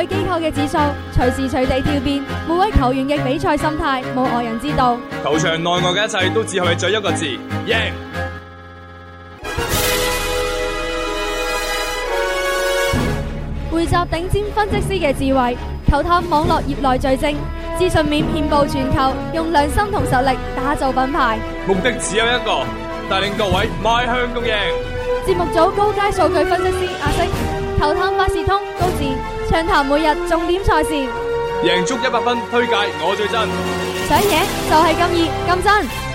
對機構嘅指數隨時隨地跳變，每位球員嘅比賽心態，冇外人知道。球場內外嘅一切，都只係為咗一個字:暢談每日重點賽事，贏足一百分，推介我最真，想贏就係咁易咁真。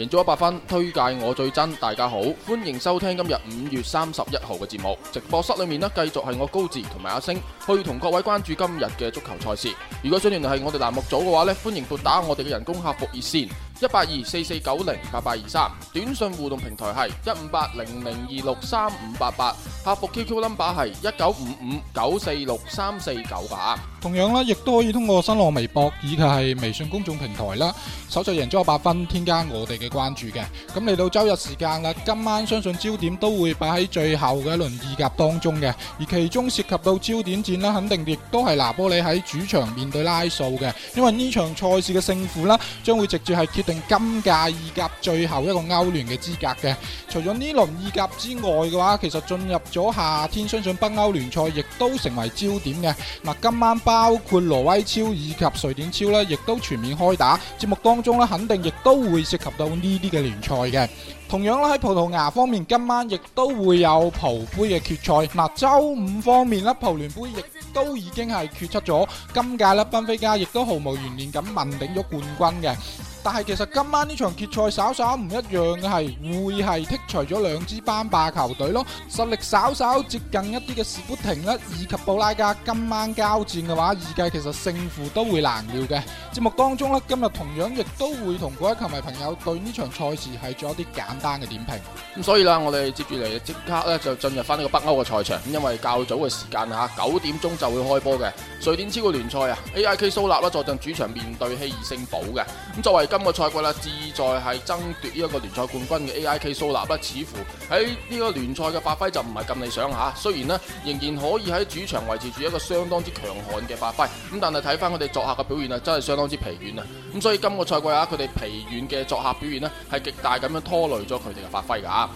贏咗一百分，推介我最真，大家好，歡迎收聽今日五月三十一號嘅節目。直播室裏面呢，繼續係我高志同埋阿星去同各位關注今日嘅足球賽事。如果想聯繫我哋欄目組嘅話呢，歡迎撥打我哋嘅人工客服熱線。一八二四四九零八八二三，短信互動平台係一五八零零二六三五八八，客服 QQ number 係一九五五九四六三四九噶吓。同樣咧，亦都可以通過新浪微博以及係微信公眾平台啦，搜索贏足 100FUN，添加我哋嘅關注嘅。咁嚟到周日時間啦，今晚相信焦點都會擺喺最後嘅一輪意甲當中嘅，而其中涉及到焦點戰啦，肯定亦都係拿波里喺主場面對拉素嘅，因為呢場賽事嘅勝負啦，將會直接係決定。今屆意甲最後一個歐聯嘅資格嘅，除咗呢輪意甲之外嘅話，其實進入咗夏天，相信北歐聯賽亦都成為焦點嘅。嗱，今晚包括挪威超以及瑞典超呢，亦都全面開打。節目當中呢，肯定亦都會涉及到呢啲嘅聯賽嘅。同樣啦，喺葡萄牙方面，今晚亦都會有葡杯嘅決賽。嗱，周五方面咧，葡聯杯亦都已經係決出咗今屆咧，賓菲加亦都毫無懸念咁問鼎咗冠軍嘅。但係其實今晚呢場決賽稍稍唔一樣嘅係會係剔除咗兩支班霸球隊咯，實力稍稍接近一啲嘅士砵亭啦，以及布拉加今晚交戰嘅話，預計其實勝負都會難料嘅。節目當中呢，今日同樣亦都會同各位球迷朋友對呢場賽事係做一啲簡單嘅點評。咁、嗯、所以啦，我哋接住嚟即刻咧就進入翻呢個北歐嘅賽場。因為較早嘅時間啊，九點鐘就會開波嘅。瑞典超級聯賽啊，A I K 蘇納啦，坐鎮主場面對希爾聖堡嘅。咁、嗯、作為.今個賽季啦，志在係爭奪呢一個聯賽冠軍嘅 AIK 蘇納，似乎喺呢個聯賽嘅發揮就唔係咁理想吓。雖然呢仍然可以喺主場維持住一個相當之強悍嘅發揮，咁但係睇翻佢哋作客嘅表現啊，真係相當之疲軟啊！咁所以今個賽季啊，佢哋疲軟嘅作客表現咧，係極大咁樣拖累咗佢哋嘅發揮噶。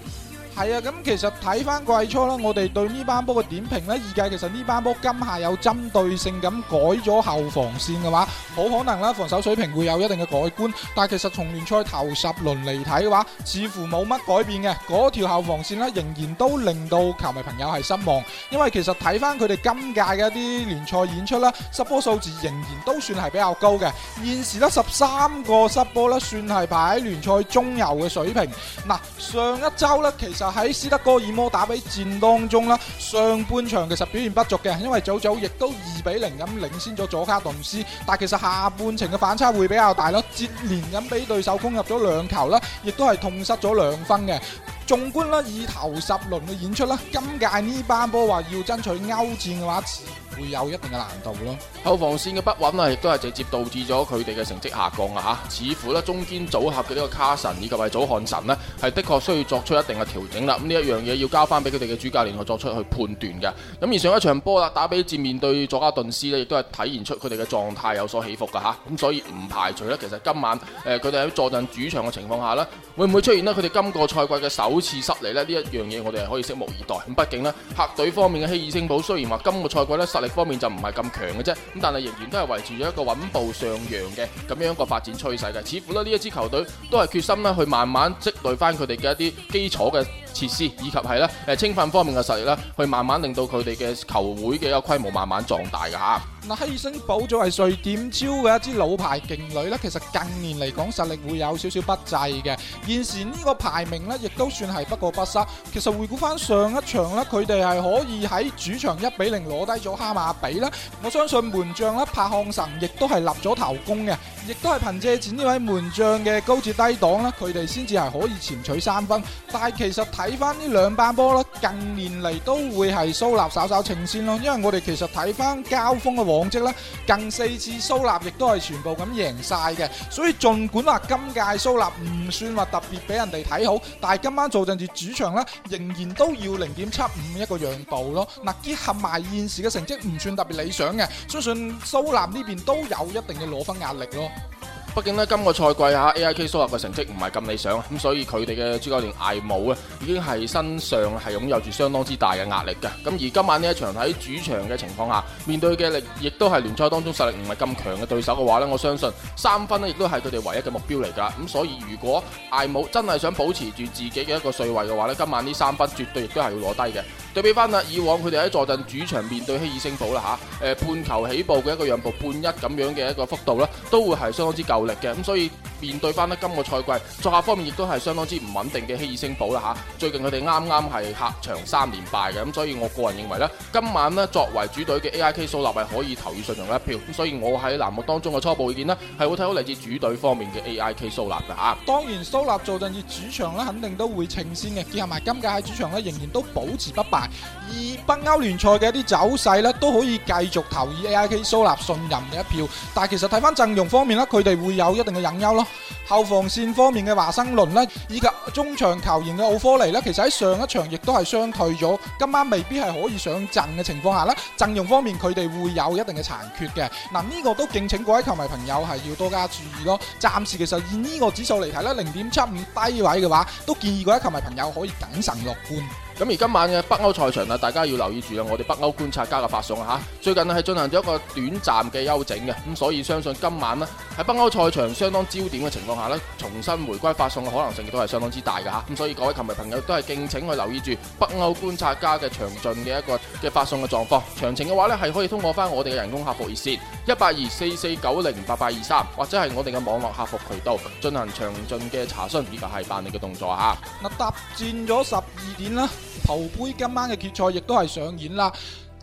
係啊，咁其實睇翻季初啦，我哋對呢班波嘅點評呢？預計，其實呢班波今夏有針對性咁改咗後防線嘅話，好可能啦，防守水平會有一定嘅改觀。但係其實從聯賽頭十輪嚟睇嘅話，似乎冇乜改變嘅，嗰條後防線呢，仍然都令到球迷朋友係失望。因為其實睇翻佢哋今屆嘅一啲聯賽演出啦，失波數字仍然都算係比較高嘅。現時咧十三個失波呢，算係排喺聯賽中游嘅水平。嗱，上一周呢。其實。喺斯德哥爾摩打比戰當中啦，上半場其實表現不俗嘅，因為早早亦都二比零咁領先咗佐卡頓斯，但其實下半程嘅反差會比較大咯，接連咁俾對手攻入咗兩球啦，亦都係痛失咗兩分嘅。縱觀啦，以頭十輪嘅演出啦，今屆呢班波話要爭取歐戰嘅話，會有一定嘅難度咯。後防線嘅不穩啊，亦都係直接導致咗佢哋嘅成績下降啊！吓，似乎呢，中堅組合嘅呢個卡神以及係祖漢神呢，係的確需要作出一定嘅調整啦。咁呢一樣嘢要交翻俾佢哋嘅主教練去作出去判斷嘅。咁而上一場波啦，打吡戰面對佐加頓斯呢，亦都係體現出佢哋嘅狀態有所起伏噶吓。咁所以唔排除呢，其實今晚誒佢哋喺坐鎮主場嘅情況下呢，會唔會出現呢？佢哋今個賽季嘅首好似失利呢一樣嘢，我哋係可以拭目以待。咁畢竟呢，客隊方面嘅希爾斯堡雖然話今個賽季呢實力方面就唔係咁強嘅啫，咁但係仍然都係維持咗一個穩步上揚嘅咁樣一個發展趨勢嘅。似乎呢一支球隊都係決心呢去慢慢積累翻佢哋嘅一啲基礎嘅設施，以及係呢誒青訓方面嘅實力啦，去慢慢令到佢哋嘅球會嘅一個規模慢慢壯大嘅吓。嗱，希爾星堡作為瑞典超嘅一支老牌勁旅咧，其實近年嚟講實力會有少少不濟嘅，現時呢個排名咧亦都算係不過不失。其實回顧翻上一場咧，佢哋係可以喺主場一比零攞低咗哈馬比啦。我相信門將啦柏漢臣亦都係立咗頭功嘅，亦都係憑借住呢位門將嘅高接低擋啦，佢哋先至係可以前取三分。但係其實睇翻呢兩班波咧，近年嚟都會係蘇納稍稍佔先咯，因為我哋其實睇翻交鋒嘅。往績啦，近四次蘇納亦都係全部咁贏晒嘅，所以儘管話今屆蘇納唔算話特別俾人哋睇好，但係今晚做陣住主場啦，仍然都要零點七五一個讓步咯。嗱，結合埋現時嘅成績唔算特別理想嘅，相信蘇納呢邊都有一定嘅攞分壓力咯。畢竟呢今個賽季嚇 A.I.K. 蘇格嘅成績唔係咁理想，咁所以佢哋嘅主教練艾姆啊，已經係身上係擁有住相當之大嘅壓力嘅。咁而今晚呢一場喺主場嘅情況下，面對嘅力亦都係聯賽當中實力唔係咁強嘅對手嘅話呢，我相信三分呢亦都係佢哋唯一嘅目標嚟㗎。咁所以如果艾姆真係想保持住自己嘅一個帥位嘅話呢，今晚呢三分絕對亦都係要攞低嘅。對比翻啦，以往佢哋喺坐鎮主場面對希爾星堡啦嚇，誒半球起步嘅一個讓步半一咁樣嘅一個幅度呢，都會係相當之夠。力嘅咁，所以面對翻咧，今個賽季，作客方面亦都係相當之唔穩定嘅。希爾星堡啦吓，最近佢哋啱啱係客場三連敗嘅，咁所以我個人認為呢，今晚呢作為主隊嘅 A I K 蘇立係可以投以信任嘅一票。咁所以我喺欄目當中嘅初步意見呢，係會睇好嚟自主隊方面嘅 A I K 蘇立。嘅吓。當然蘇立做陣主場肯定都會呈先嘅。結合埋今屆喺主場仍然都保持不敗，而北歐聯賽嘅一啲走勢呢，都可以繼續投以 A I K 蘇立信任嘅一票。但係其實睇翻陣容方面呢，佢哋會。有一定嘅隱憂咯，後防線方面嘅華生倫呢，以及中場球員嘅奧科尼呢，其實喺上一場亦都係傷退咗，今晚未必係可以上陣嘅情況下呢，陣容方面佢哋會有一定嘅殘缺嘅，嗱、啊、呢、這個都敬請各位球迷朋友係要多加注意咯。暫時其實以呢個指數嚟睇呢，零點七五低位嘅話，都建議各位球迷朋友可以謹慎樂觀。咁而今晚嘅北歐賽場啊，大家要留意住我哋北歐觀察家嘅發送吓，最近係進行咗一個短暫嘅休整嘅，咁所以相信今晚呢喺北歐賽場相當焦點嘅情況下，重新回歸發送嘅可能性亦都係相當之大嘅吓，咁所以各位球迷朋友都係敬請去留意住北歐觀察家嘅詳盡嘅一個嘅發送嘅狀況，詳情嘅話呢係可以通過翻我哋嘅人工客服熱線一八二四四九零八八二三，823, 或者係我哋嘅網絡客服渠道進行詳盡嘅查詢以及係辦理嘅動作啊。嗱，搭戰咗十二點啦。頭杯今晚嘅決賽亦都係上演啦。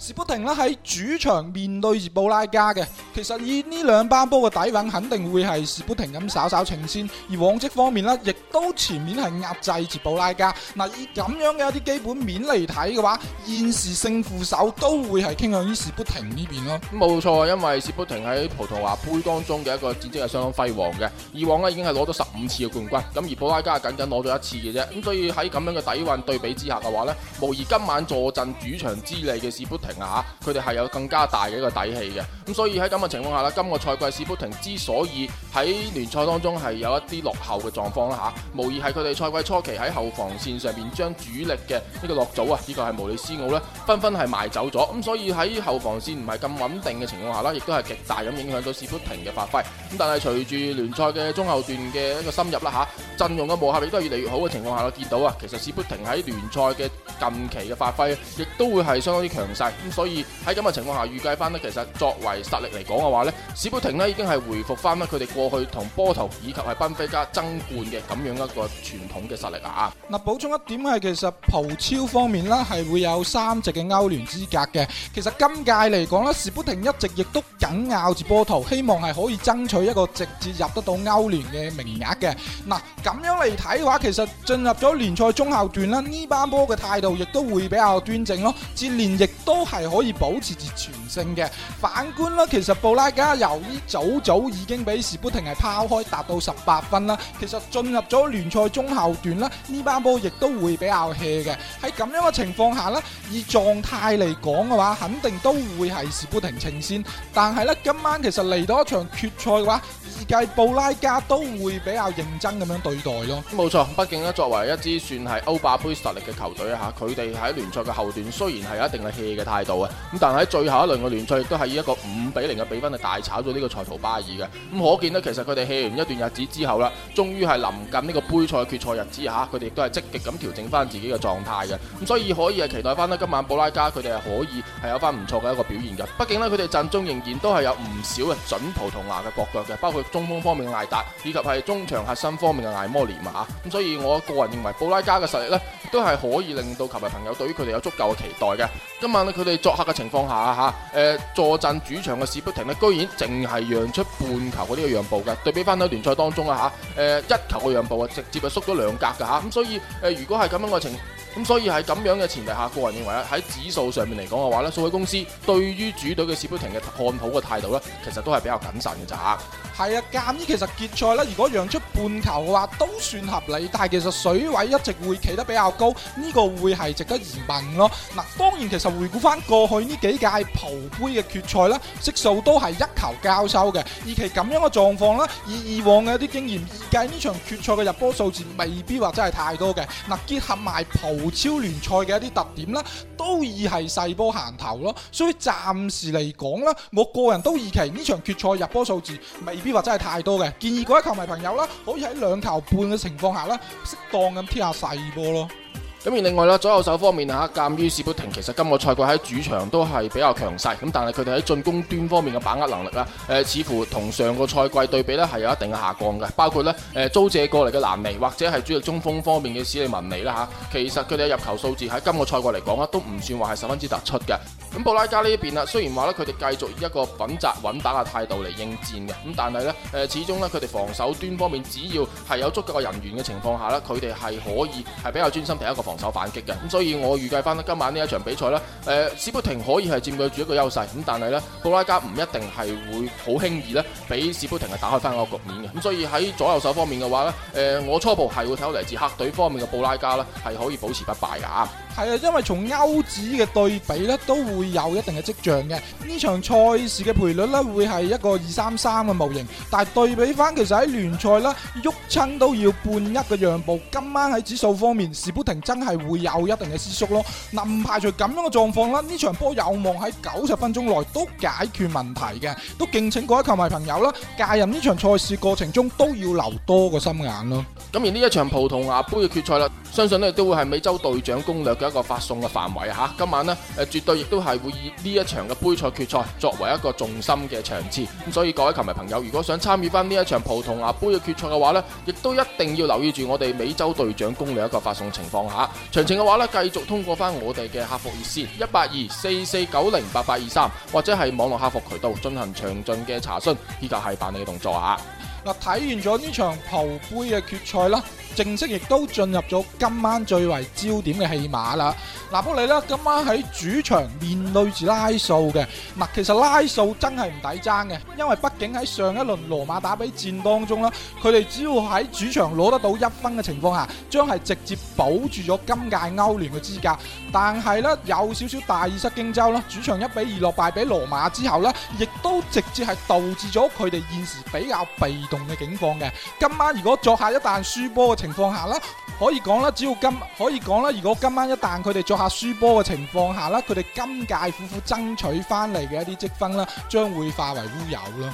士砵亭啦喺主場面對住布拉加嘅，其實以呢兩班波嘅底蘊，肯定會係士砵亭咁稍稍呈先。而往績方面呢，亦都全面係壓制住布拉加。嗱，以咁樣嘅一啲基本面嚟睇嘅話，現時勝負手都會係傾向於士砵亭呢邊咯。冇錯，因為士砵亭喺葡萄牙杯當中嘅一個戰績係相當輝煌嘅，以往呢，已經係攞咗十五次嘅冠軍，咁而布拉加係僅僅攞咗一次嘅啫。咁所以喺咁樣嘅底蘊對比之下嘅話呢，無疑今晚坐鎮主場之利嘅士砵亭。啊！佢哋係有更加大嘅一個底氣嘅，咁、嗯、所以喺咁嘅情況下啦，今個賽季史普廷之所以喺聯賽當中係有一啲落後嘅狀況啦，吓、啊，無疑係佢哋賽季初期喺後防線上面將主力嘅呢個落組啊，呢、這個係穆里斯奧咧，紛紛係賣走咗，咁、嗯、所以喺後防線唔係咁穩定嘅情況下啦，亦都係極大咁影響到史普廷嘅發揮。咁但係隨住聯賽嘅中後段嘅一個深入啦，吓、啊，陣容嘅磨合亦都係越嚟越好嘅情況下啦，見到啊，其實史普廷喺聯賽嘅近期嘅發揮，亦都會係相當之強勢。咁所以喺咁嘅情況下，預計翻咧其實作為實力嚟講嘅話咧，史普廷咧已經係回復翻咧佢哋過去同波圖以及係賓菲加爭冠嘅咁樣的一個傳統嘅實力啊。嗱，補充一點是，係其實葡超方面咧係會有三席嘅歐聯資格嘅。其實今屆嚟講咧，史普廷一直亦都緊咬住波圖，希望係可以爭取一個直接入得到歐聯嘅名額嘅。嗱，咁樣嚟睇嘅話，其實進入咗聯賽中後段啦，呢班波嘅態度亦都會比較端正咯，戰連亦都。係可以保持住全勝嘅。反觀啦，其實布拉加由於早早已經畀士砵亭係拋開達到十八分啦，其實進入咗聯賽中後段啦，呢班波亦都會比較 hea 嘅。喺咁樣嘅情況下啦，以狀態嚟講嘅話，肯定都會係士砵亭稱先。但係咧，今晚其實嚟到一場決賽嘅話，依計布拉加都會比較認真咁樣對待咯。冇錯，畢竟咧作為一支算係歐霸杯實力嘅球隊啊，佢哋喺聯賽嘅後段雖然係有一定嘅 hea 嘅態。度啊，咁但係喺最後一輪嘅聯賽都係以一個五比零嘅比分大炒咗呢個塞圖巴爾嘅，咁可見呢，其實佢哋戲完一段日子之後啦，終於係臨近呢個杯賽決賽日子下佢哋亦都係積極咁調整翻自己嘅狀態嘅，咁所以可以係期待翻呢今晚布拉加佢哋係可以係有翻唔錯嘅一個表現嘅，畢竟呢，佢哋陣中仍然都係有唔少嘅準葡萄牙嘅國腳嘅，包括中鋒方面嘅艾達，以及係中場核心方面嘅艾摩連啊，咁所以我個人認為布拉加嘅實力呢都係可以令到球迷朋友對於佢哋有足夠嘅期待嘅，今晚呢。佢哋作客嘅情況下吓，誒誒坐鎮主場嘅士砵亭咧，居然淨係讓出半球嗰啲嘅讓步嘅，對比翻喺聯賽當中啊吓誒一球嘅讓步啊，直接啊縮咗兩格㗎吓。咁所以誒，如果係咁樣嘅情咁、嗯、所以喺咁樣嘅前提下，個人認為咧喺指數上面嚟講嘅話咧，數位公司對於主隊嘅士砵亭嘅看好嘅態度咧，其實都係比較謹慎嘅咋。係啊，鑑於其實決賽咧，如果讓出半球嘅話都算合理，但係其實水位一直會企得比較高，呢、呢個會係值得疑問咯。嗱，當然其實回顧翻過去呢幾屆葡杯嘅決賽咧，悉數都係一球交收嘅，以其咁樣嘅狀況咧，以以往嘅一啲經驗，預計呢場決賽嘅入波數字未必話真係太多嘅。嗱，結合埋葡超聯賽嘅一啲特點啦，都已係細波行頭咯，所以暫時嚟講啦，我個人都預期呢場決賽入波數字未必話真係太多嘅，建議各位球迷朋友啦，可以喺兩球半嘅情況下啦，適當咁踢下細波咯。咁而另外咧，左右手方面嚇，鑑於史普廷其實今個賽季喺主場都係比較強勢，咁但係佢哋喺進攻端方面嘅把握能力、呃、似乎同上個賽季對比咧係有一定的下降嘅，包括咧、呃、租借過嚟嘅蘭尼或者係主力中鋒方面嘅史利文尼啦嚇、啊，其實佢哋入球數字喺今個賽季嚟講啊，都唔算話係十分之突出嘅。咁布拉加呢一邊啦，雖然話咧佢哋繼續以一個穩紮穩打嘅態度嚟應戰嘅，咁但係咧，誒始終咧佢哋防守端方面，只要係有足夠人員嘅情況下咧，佢哋係可以係比較專心第一個防守反擊嘅。咁所以我預計翻今晚呢一場比賽咧，斯普廷可以係佔據住一個優勢，咁但係咧布拉加唔一定係會好輕易咧俾斯普廷係打開翻個局面嘅。咁所以喺左右手方面嘅話咧，誒我初步係會睇到嚟自客隊方面嘅布拉加咧係可以保持不敗噶。係啊，因為從歐指嘅對比咧都會。會有一定嘅跡象嘅，呢場賽事嘅賠率咧會係一個二三三嘅模型，但係對比翻其實喺聯賽咧，郁親都要半一嘅讓步。今晚喺指數方面，士砵亭真係會有一定嘅收縮咯。嗱，唔排除咁樣嘅狀況啦，呢場波有望喺九十分鐘內都解決問題嘅，都敬請各位球迷朋友啦，介入呢場賽事過程中都要留多個心眼咯。咁而呢一場葡萄牙盃嘅決賽啦。相信咧都會係美洲隊長攻略嘅一個發送嘅範圍啊！嚇，今晚咧誒絕對亦都係會以呢一場嘅杯賽決賽作為一個重心嘅場次。咁所以各位球迷朋友，如果想參與翻呢一場葡萄牙杯嘅決賽嘅話呢，亦都一定要留意住我哋美洲隊長攻略一個發送情況下。詳情嘅話呢，繼續通過翻我哋嘅客服熱線一八二四四九零八八二三，或者係網絡客服渠道進行詳盡嘅查詢，以及係辦理動作啊！嗱，睇完咗呢場葡杯嘅決賽啦，正式亦都進入咗今晚最為焦點嘅戲碼啦。嗱，拿波里咧今晚喺主場面對住拉素嘅。嗱，其實拉素真係唔抵爭嘅，因為畢竟喺上一輪羅馬打比戰當中啦，佢哋只要喺主場攞得到一分嘅情況下，將係直接保住咗今屆歐聯嘅資格。但係咧有少少大意失荊州啦，主場一比二落敗俾羅馬之後咧，亦都直接係導致咗佢哋現時比較被。同嘅境況嘅，今晚如果作客一旦輸波嘅情況下啦，可以講啦，只要今可以講啦，如果今晚一旦佢哋作客輸波嘅情況下啦，佢哋今屆苦苦爭取翻嚟嘅一啲積分啦，將會化為烏有咯。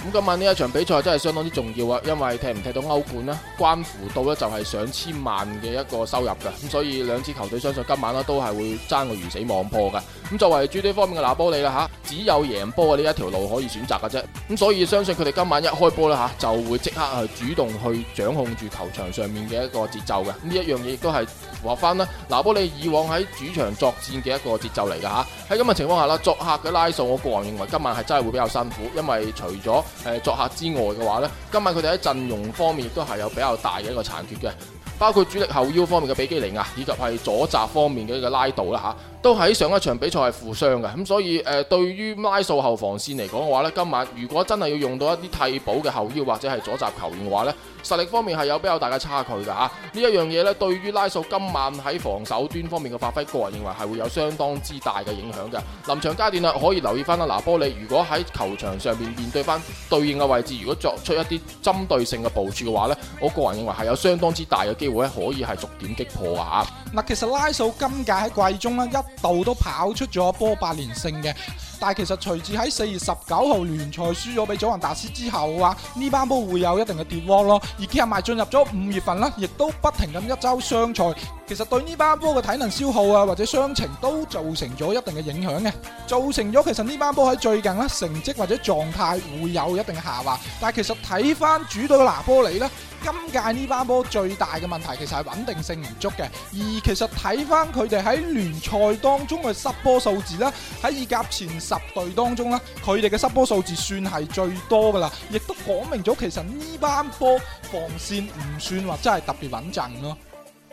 咁今晚呢一場比賽真係相當之重要啊，因為踢唔踢到歐冠呢，關乎到呢就係上千萬嘅一個收入噶。咁所以兩支球隊相信今晚呢都係會爭個魚死網破噶。咁作為主隊方面嘅拿波利啦吓，只有贏波嘅呢一條路可以選擇㗎啫。咁所以相信佢哋今晚一開波啦吓，就會即刻係主動去掌控住球場上面嘅一個節奏嘅。呢一樣嘢亦都係話返翻啦。拿波利以往喺主場作戰嘅一個節奏嚟㗎吓。喺咁嘅情況下啦，作客嘅拉數，我個人認為今晚係真係會比較辛苦，因為除咗誒，作客之外嘅話咧，今日佢哋喺陣容方面亦都係有比較大嘅一個殘缺嘅。包括主力後腰方面嘅比基尼啊，以及係左閘方面嘅一個拉度啦吓、啊，都喺上一場比賽係負傷嘅，咁所以誒、呃、對於拉素後防線嚟講嘅話咧，今晚如果真係要用到一啲替補嘅後腰或者係左閘球員嘅話咧，實力方面係有比較大嘅差距㗎吓，呢、啊、一樣嘢咧，對於拉素今晚喺防守端方面嘅發揮，個人認為係會有相當之大嘅影響嘅。臨場階段啊可以留意翻啦，嗱，波利如果喺球場上面面對翻對應嘅位置，如果作出一啲針對性嘅部署嘅話咧，我個人認為係有相當之大嘅可以係逐點擊破啊！嗱，其實拉素今屆喺季中咧，一度都跑出咗波八連勝嘅。但係其實隨住喺四月十九號聯賽輸咗俾祖雲達斯之後嘅話，呢班波會有一定嘅跌窩咯。而兼埋進入咗五月份啦，亦都不停咁一周雙賽，其實對呢班波嘅體能消耗啊或者傷情都造成咗一定嘅影響嘅，造成咗其實呢班波喺最近啦成績或者狀態會有一定嘅下滑。但係其實睇翻主隊嘅拿波里呢，今屆呢班波最大嘅問題其實係穩定性唔足嘅。而其實睇翻佢哋喺聯賽當中嘅失波數字咧，喺意甲前十隊當中呢佢哋嘅失波數字算係最多㗎喇，亦都講明咗其實呢班波防線唔算話真係特別穩陣咯。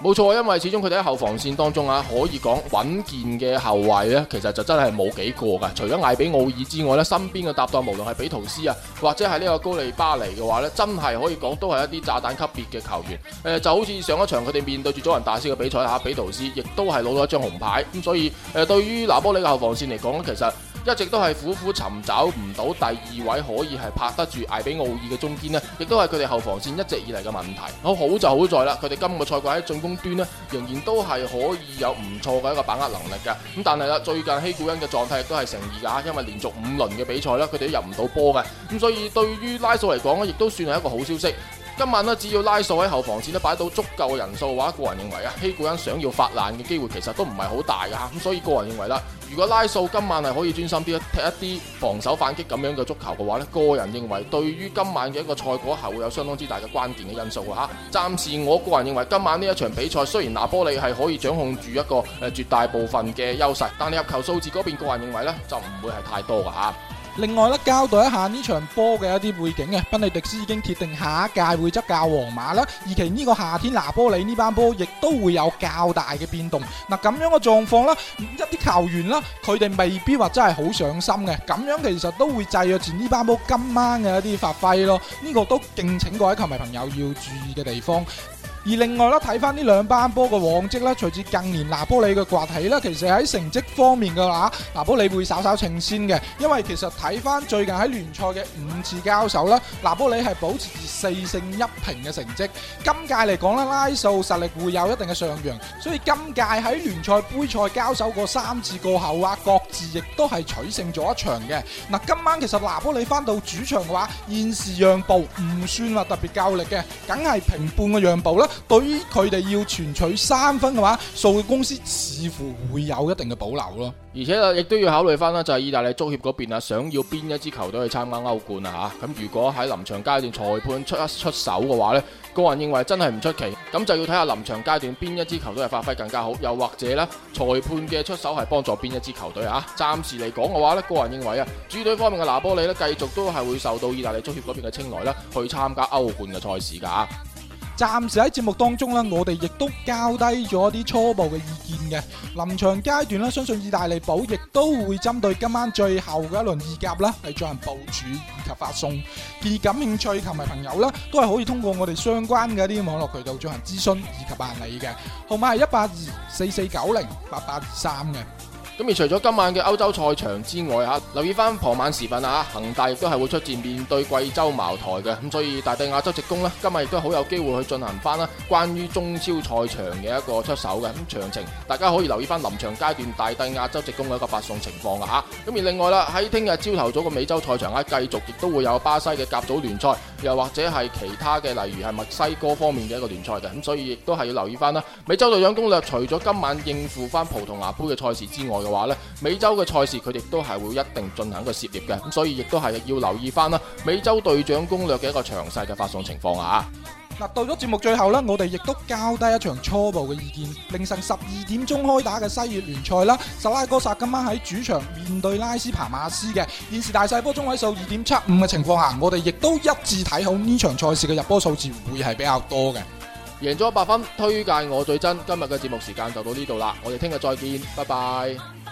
冇錯，因為始終佢哋喺後防線當中啊，可以講穩健嘅後衛咧，其實就真係冇幾個噶。除咗艾比奧爾之外咧，身邊嘅搭檔無論係比圖斯啊，或者係呢個高利巴黎嘅話咧，真係可以講都係一啲炸彈級別嘅球員。誒、呃，就好似上一場佢哋面對住祖雲達斯嘅比賽吓，比圖斯亦都係攞咗一張紅牌。咁所以誒、呃，對於拿波里嘅後防線嚟講咧，其實一直都係苦苦尋找唔到第二位可以係拍得住艾比奧爾嘅中堅呢，亦都係佢哋後防線一直以嚟嘅問題。好，好就好在啦，佢哋今個賽季喺進中端咧仍然都係可以有唔錯嘅一個把握能力嘅，咁但係啦，最近希古恩嘅狀態亦都係成意架，因為連續五輪嘅比賽咧，佢哋都入唔到波嘅，咁所以對於拉素嚟講咧，亦都算係一個好消息。今晚咧，只要拉素喺後防線咧擺到足夠嘅人數嘅話，個人認為啊，希古恩想要發難嘅機會其實都唔係好大嘅吓，咁所以個人認為啦，如果拉素今晚係可以專心啲踢一啲防守反擊咁樣嘅足球嘅話咧，個人認為對於今晚嘅一個賽果係會有相當之大嘅關鍵嘅因素吓。暫時我個人認為今晚呢一場比賽雖然拿波利係可以掌控住一個誒絕大部分嘅優勢，但係入球數字嗰邊個人認為咧就唔會係太多嘅吓。另外咧，交代一下呢場波嘅一啲背景嘅，賓尼迪斯已經決定下一屆會執教皇馬啦，而其呢個夏天拿波里呢班波亦都會有較大嘅變動。嗱、啊，咁樣嘅狀況啦，一啲球員啦，佢哋未必話真係好上心嘅，咁樣其實都會制約住呢班波今晚嘅一啲發揮咯。呢、這個都敬請各位球迷朋友要注意嘅地方。而另外咧，睇翻呢兩班波嘅往績咧，隨住近年拿波里嘅崛起咧，其實喺成績方面嘅話，拿波里會稍稍稱先嘅。因為其實睇翻最近喺聯賽嘅五次交手咧，拿波里係保持住四勝一平嘅成績。今屆嚟講咧，拉素實力會有一定嘅上揚，所以今屆喺聯賽杯賽交手過三次過後啊，各自亦都係取勝咗一場嘅。嗱，今晚其實拿波里翻到主場嘅話，現時讓步唔算話特別夠力嘅，梗係平半嘅讓步啦。對於佢哋要全取三分嘅話，數據公司似乎會有一定嘅保留咯，而且啊，亦都要考慮翻啦，就係、是、意大利足協嗰邊啊，想要邊一支球隊去參加歐冠啊吓。咁如果喺臨場階段裁判出一出手嘅話呢，個人認為真係唔出奇。咁就要睇下臨場階段邊一支球隊係發揮更加好，又或者呢，裁判嘅出手係幫助邊一支球隊啊。暫時嚟講嘅話呢，個人認為啊，主隊方面嘅拿波利呢，繼續都係會受到意大利足協嗰邊嘅青睞啦，去參加歐冠嘅賽事噶。暫時喺節目當中啦，我哋亦都交低咗啲初步嘅意見嘅。臨場階段啦，相信意大利寶亦都會針對今晚最後嘅一輪意甲啦，嚟進行部署以及發送。而感興趣球迷朋友啦，都係可以通過我哋相關嘅一啲網絡渠道進行諮詢以及辦理嘅。號碼係一八二四四九零八八二三嘅。咁而除咗今晚嘅歐洲賽場之外，吓，留意翻傍晚時分啊，恒大亦都係會出戰面對貴州茅台嘅，咁所以大帝亞洲職工咧今日亦都好有機會去進行翻啦，關於中超賽場嘅一個出手嘅，咁詳情大家可以留意翻臨場階段大帝亞洲職工嘅一個發送情況噶吓。咁而另外啦，喺聽日朝頭早嘅美洲賽場咧，繼續亦都會有巴西嘅甲組聯賽，又或者係其他嘅例如係墨西哥方面嘅一個聯賽嘅，咁所以亦都係要留意翻啦。美洲隊長攻略除咗今晚應付翻葡萄牙杯嘅賽事之外，嘅話呢，美洲嘅賽事佢亦都係會一定進行個涉獵嘅，咁所以亦都係要留意翻啦。美洲隊長攻略嘅一個詳細嘅發送情況啊！嗱，到咗節目最後啦，我哋亦都交低一場初步嘅意見。凌晨十二點鐘開打嘅西乙聯賽啦，首拉哥薩今晚喺主場面對拉斯帕馬斯嘅，現時大細波中位數二點七五嘅情況下，我哋亦都一致睇好呢場賽事嘅入波數字會係比較多嘅。贏咗一百分，推介我最真。今日嘅節目時間就到呢度啦，我哋聽日再見，拜拜。